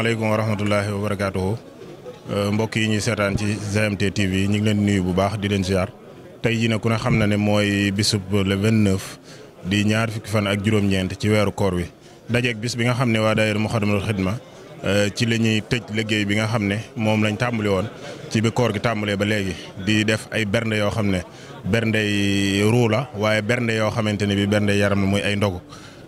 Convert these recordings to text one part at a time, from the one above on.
maaleykum wa rahmatullahi wa barakaatuhu euh, mbokk yi ñuy seetaan ci GMT TV ñu ngi leen nuyu bu baax di leen ziar tey jii nag ku ne xam na ne mooy bisub le 29 di ñaar fukki fan ak juróom-ñeent ci weeru koor wi dajeeg bis bi nga xam ne waa daayira Muxaddamatul Xidma euh, ci la ñuy tëj liggéey bi nga xam ne moom lañ tàmbali woon ci koor gi tàmbalee ba léegi di def ay bernde yoo xam ne bernde yi ruu la waaye bernde yoo xamante ne bi bernde yaram la muy ay ndogu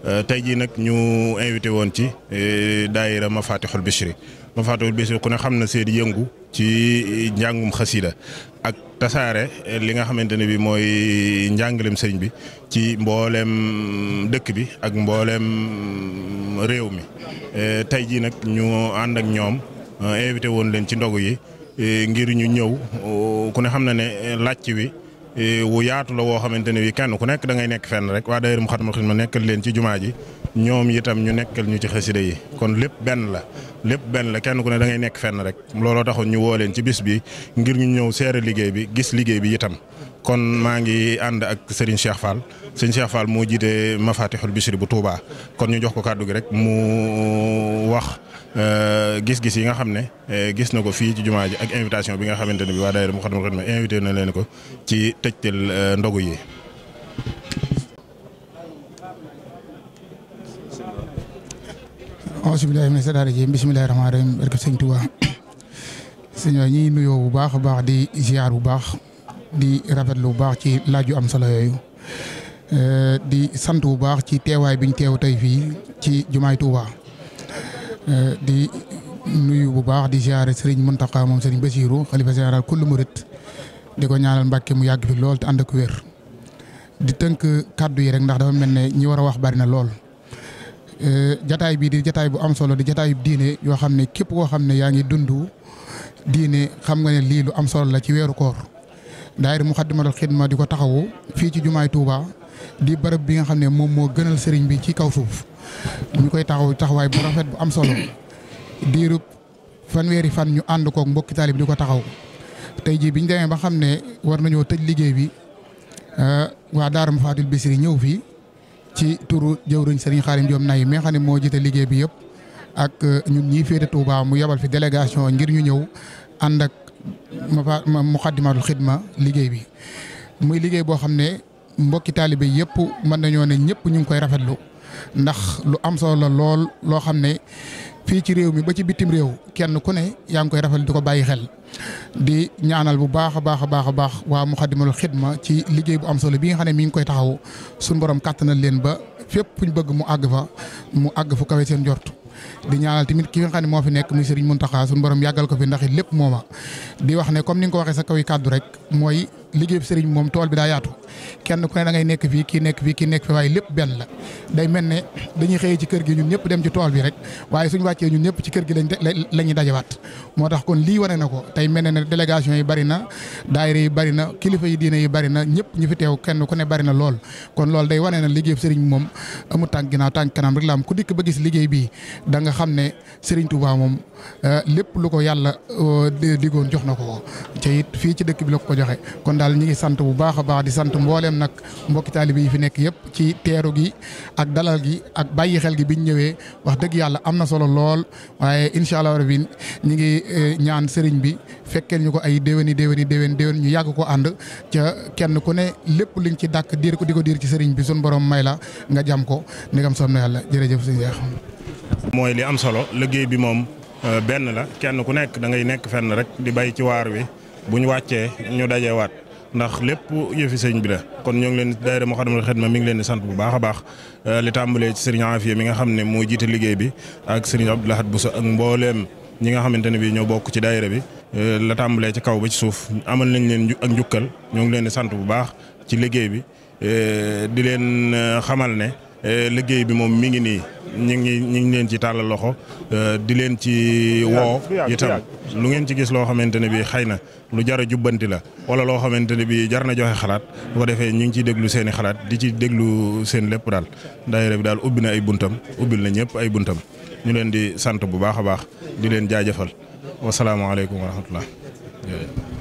Euh, tey jii nag ñu invité woon ci euh, daayira Mafatihul Bichri Mafatihul Bichri ku ne xam na seen yëngu ci njàngum xasida ak tasaare euh, li nga xamante ne bi mooy njàngalem sëñ bi ci mbooleem dëkk bi ak mbooleem réew mi tey jii nag ñu ànd ak ñoom invité woon leen ci ndogu yi ngir ñu ñëw ku ne xam na ne làcc wi Eh, wu yaatu la woo xamante ne wi kenn ku nekk dangay nekk fenn rek waa daayira Muxaddamatul Xidma nekkal leen ci jumaa ji ñoom itam ñu nekkal ñu ci xasida yi kon lépp benn la lépp benn la kenn ku ne da ngay nekk fenn rek looloo taxoon ñu woo leen ci bis bi ngir ñu ñëw seere liggéey bi gis liggéey bi itam kon maa ngi ànd ak sëriñ Cheikh Fall Serigne Cheikh Fall moo jiite Mafatihul bisir bu Touba kon ñu jox ko kàddu gi rek mu wax euh, gis-gis yi nga xam ne euh, gis na ko fii ci jumaa ji ak invitation bi nga xamante ne bi waa daayira Moukhaddamatoul Khidma invité na leen ko ci tëjtal euh, ndogu yi. auzu billaahi mina shaytaani rajiim bismillaahi Sëñ Touba. sëñ ñuy nuyoo bu baax a baax di ziar bu baax. di rafetlu bu baax ci laaj yu am solo yooyu euh, di sant bu baax ci teewaay bi ñu teew tey fii ci jumaay Touba euh, di nuyu bu baax di ziare Serigne Mountakha moom Serigne Bassirou xalifa général mu murit di ko ñaanal Mbàkke mu yàgg fi lool te ànd ak wér di tënk kàddu yi rek ndax dafa mel ne ñi war a wax bari na lool. Euh, jataay bii di jataay bu am solo di jataay diine yoo xam ne képp koo xam ne yaa ngi dund diine xam nga ne lii lu am solo la ci weeru koor. ma Muxaddamatul Xidma di ko taxawu fii ci jumaay Touba di bërëb bi nga xam ne moom moo gënal sëriñ bi ci kaw suuf ñu koy taxaw taxawaay bu rafet bu am solo diirub fanweeri fan ñu ànd koog mbokki taalib di ko taxaw tey jii bi ñu demee ba xam ne war nañoo tëj liggéey bi euh, waa Daara Mafaatul Bisri ñëw fii ci turu jëwriñ sëriñ Xaarim Joom Nay mi nga xam ne moo jiite liggéey bi yëpp ak euh, ñun ñii féete Touba mu yebal fi délégation ngir ñu ñëw ànd ma Muxaddamatul Xidma liggéey bi muy liggéey boo xam ne mbokki taalibe yëpp mën nañoo ne ñëpp ñu ngi koy rafet rafetlu ndax lu am solo la lool loo xam ne fii ci réew mi ba ci bitim réew kenn ku ne yaa ngi koy rafetlu di ko bàyyi xel di ñaanal bu baax a baax a baax a baax waa Muxaddamatul Xidma ci liggéey bu am solo bi nga xam ne mi ngi koy taxaw suñu borom kàttanal leen ba fépp fu ñu bëgg mu àgg fa mu àgg fu kawe seen jort di ñaanal tamit ki nga xam ne moo fi nekk muy mun Mountakha suñu borom yàggal ko fi ndax lépp mooma di wax ne comme ni nga ko waxee sa kaw yi kàddu rek mooy liggéey Serigne moom tool bi daa yaatu kenn ku ne da ngay nekk fii kii nekk fii kii nekk fii waaye lépp benn la day mel ne dañuy xëyee ci kër gi ñun ñëpp dem ci tool bi rek waaye suñ wàccee ñun ñëpp ci kër gi lañ la ñuy dajawaat moo tax kon lii wane na ko tey mel ne ne délégation yi bari na daayira yi bari na kilifa yi diine yi bari na ñëpp ñu fi teew kenn ku ne bari na lool kon loolu day wane na liggéey sëriñ moom amu tànk ginnaaw tànk kanam rek la am ku dikk ba gis liggéey bii da nga xam ne sëriñ Touba moom euh, lépp lu ko yàlla euh, digoon jox na ko ko te fii ci dëkk bi la ko joxe mbooleem nag mbokki taalibe yi fi nekk yëpp ci teeru gi ak dalal gi ak bàyyi xel gi bi ñu ñëwee wax dëgg yàlla am na solo lool waaye incha allah rabbi ñi ngi eh, ñaan sëriñ bi fekkeel ñu ko ay déwéni déwéni déwén déwén ñu yàgg ko ànd ca kenn ku ne lépp liñ ci dàkk diir ko di ko diir ci sëriñ bi sun borom may la nga jam ko ndigam soom na yàlla si sëriñ mooy li am solo liggéey bi moom eh, benn la kenn ku nekk da ngay nekk fenn rek di bàyyi ci waar wi bu ñu wàccee ñu dajewaat ndax lépp yëfi sëñ bi na kon ñoo ngi leen daayira Moukhaddamatoul Khidma mi ngi leen di sant bu baax a baax euh, li tàmbalee ci sëriñ mi nga xam ne moo jiita liggéey bi ak sëriñ Abdou Lahad Bousso ak mbooleem ñi nga xamante ne bii ñoo bokk ci daayira bi euh, la tàmbalee ci kaw ba ci suuf amal nañ leen ak njukkal ñoo ngi leen sant bu baax ci liggéey bi euh, di leen xamal ne Euh, liggéey bi moom mi ngi nii ñu ngi ñu ngi leen ci tàllal loxo euh, di leen ci woo itam lu ngeen ci gis loo xamante ne bi xëy na lu jar a jubbanti la wala loo xamante ne bi jar na joxe xalaat bu ko defee ñu ngi ciy déglu seen i xalaat di ci déglu seen lépp daal daayira bi daal ubbi na ay buntam ubbil na ñëpp ay buntam ñu leen di sant bu baax a baax di leen jaajëfal wasalaamaaleykum wa rahmatullah